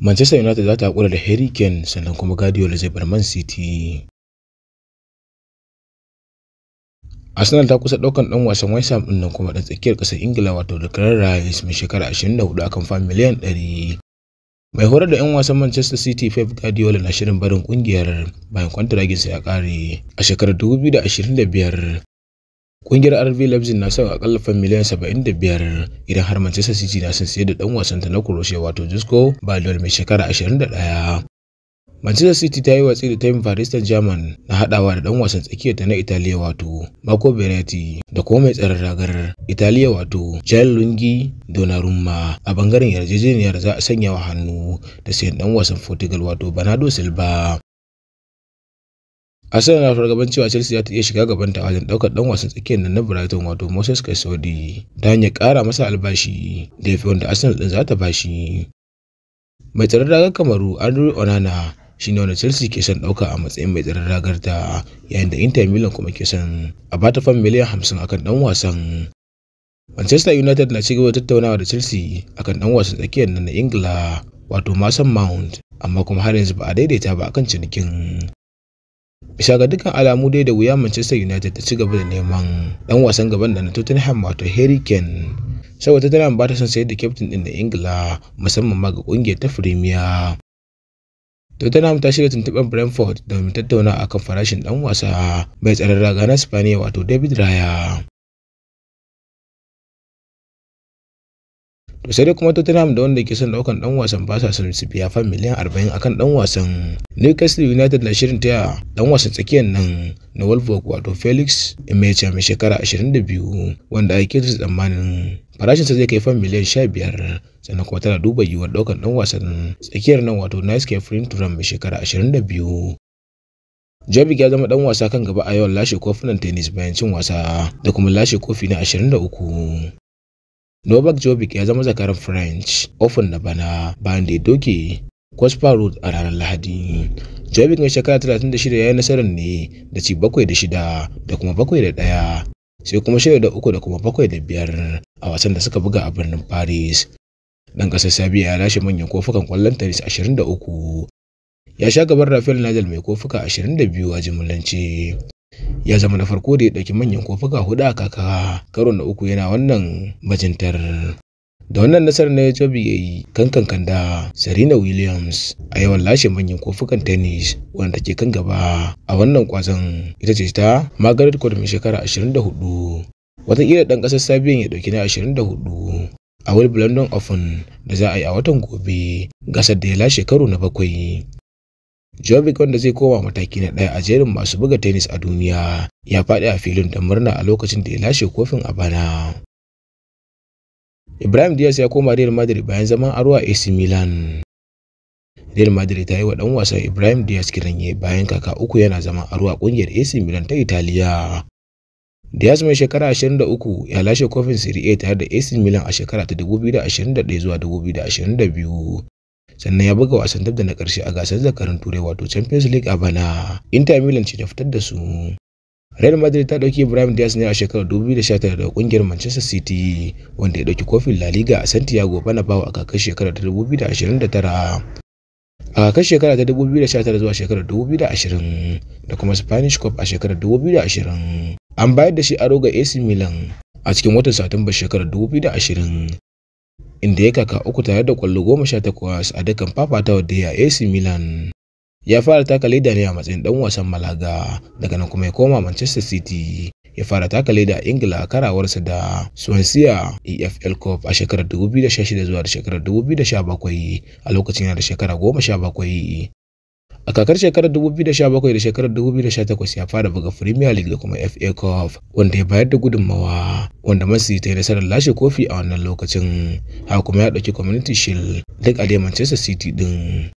Manchester United za ta haƙura da Harry Kane sannan kuma Guardiola zai bar Man City. Arsenal ta kusa ɗaukan dan wasan West Ham ɗin nan kuma ɗan tsakiyar ƙasar Ingila wato da Declan Rice mai shekara 24 akan fa miliyan 100. Mai horar da 'yan wasan Manchester City Pep Guardiola na shirin barin ƙungiyar bayan sa ya kare. a shekarar 2025. Kungiyar rv Leipzig na son akalla fan miliyan 75 idan har Manchester City na son sayar da dan wasanta na Croatia wato Josko Baldwin mai shekara 21. Manchester City ta yi watsi da tayin Paris saint na hadawa da dan wasan tsakiyarta na Italiya wato Marco Verratti da kuma mai tsaron ragar Italiya wato Gianluigi Donnarumma a bangaren yarjejeniyar za a sanya wa hannu da sayan dan wasan Portugal wato Bernardo Silva. Arsenal na fargaban cewa Chelsea za ta iya shiga gabanta a wajen daukar ɗan wasan tsakiyar nan na Brighton wato Moses Kaisodi ta hanyar ƙara masa albashi da ya fi wanda Arsenal ɗin za ta bashi. Mai tsaron ragar Kamaru Andre Onana shi ne wanda Chelsea ke son ɗauka a matsayin mai tsaron ragar ta yayin da Inter Milan kuma ke son a bata fan miliyan hamsin akan ɗan wasan. Manchester United na cigaba da tattaunawa da Chelsea akan ɗan wasan tsakiyar nan na Ingila wato Mason Mount amma kuma har yanzu ba a daidaita ba akan cinikin. Bisa ga dukkan alamu dai da wuya Manchester United ta ci gaba da neman dan wasan gaban da na Tottenham wato Harry Kane. Saboda Tottenham ba ta son sayar da kyaftin din da Ingila musamman ma ga kungiyar ta Premier. Tottenham ta shirya tuntuɓar Brentford domin tattauna akan farashin dan wasa mai tsaron raga na Spaniya wato David Raya. to sai dai kuma Tottenham da wanda ke son daukan dan wasan ba sa son su biya fan miliyan 40 akan dan wasan Newcastle United na shirin taya dan wasan tsakiyar nan na Wolfsburg wato Felix Mecham mai shekara 22 wanda ake tsammanin farashinsa zai kai fan miliyan 15 sannan kuma tana duba yiwuwar daukan dan wasan tsakiyar nan wato Nice Kefrin Turan mai shekara 22 Jobbik ya zama dan wasa kan gaba a yawan lashe kofunan tennis bayan cin wasa da kuma lashe kofi na 23. novak Djokovic ya zama zakarar french Open na bana bayan da ya doke kwaspa road a ranar lahadi Djokovic mai shekara 36 ya yi nasarar ne da ci 7 da 6 da kuma 7 da 1 sai kuma 6 da 3 da kuma 7 da 5 a wasan da suka buga a birnin paris dan kasar Sabiya ya lashe manyan kofukan kwallon tennis 23. Ya sha gaban Rafael Nadal mai kofuka 22 a jimillance. ya zama na farko da ya ɗauki manyan kofuka hudu a kaka karo na uku yana wannan bajintar da wannan nasarar na Jobi ya yi kankan da Serena Williams a yawan lashe manyan kofukan tennis wanda ke kan gaba a wannan kwazon ita ce ta Margaret Court mai shekara 24 wataƙila ɗan ƙasar Sabiyan ya ɗauki na 24 a Wimbledon Open da za a yi a watan gobe gasar da ya lashe karo na bakwai Jovic wanda zai koma mataki na ɗaya a jerin masu buga tennis a duniya ya faɗi a filin da murna a lokacin da ya lashe kofin a bana. Ibrahim Diaz ya koma Real Madrid bayan zaman aruwa AC Milan. Real Madrid ta yi wa ɗan wasan Ibrahim Diaz kiranye bayan kaka uku yana zama a ruwa ƙungiyar AC Milan ta Italiya. Diaz mai shekara 23 ya lashe kofin Serie A tare da AC Milan a shekara ta 2021 zuwa 2022 sannan ya buga wasan dab da na ƙarshe a gasar zakarin turai wato champions league a bana inter milan ce ta fitar da su Real Madrid ta ɗauki Ibrahim Diaz ne a shekarar 2019 daga ƙungiyar Manchester City wanda ya ɗauki kofin La Liga a Santiago Bernabeu a kakar shekarar ta 2029. A kakar shekara ta 2019 zuwa shekarar 2020 da kuma Spanish Cup a shekarar 2020. An bayar da shi aro ga AC Milan a cikin watan Satumba shekarar ashirin. inda ya kaka uku tare da kwallo goma sha takwas a dukkan fafatawa da ya AC Milan. Ya fara taka leda ne a matsayin dan wasan Malaga daga nan kuma ya koma Manchester City. Ya fara taka leda a Ingila a karawarsa da Swansea EFL Cup a shekarar shida zuwa da shekarar 2017 a lokacin yana da shekara bakwai. a kakar shekarar 2017 da shekarar 2018 ya fara buga premier league da kuma fa cup wanda ya bayar da gudunmawa wanda masu ta yi nasarar lashe kofi a wannan lokacin haka kuma ya ɗauki community shield duk a dai manchester city din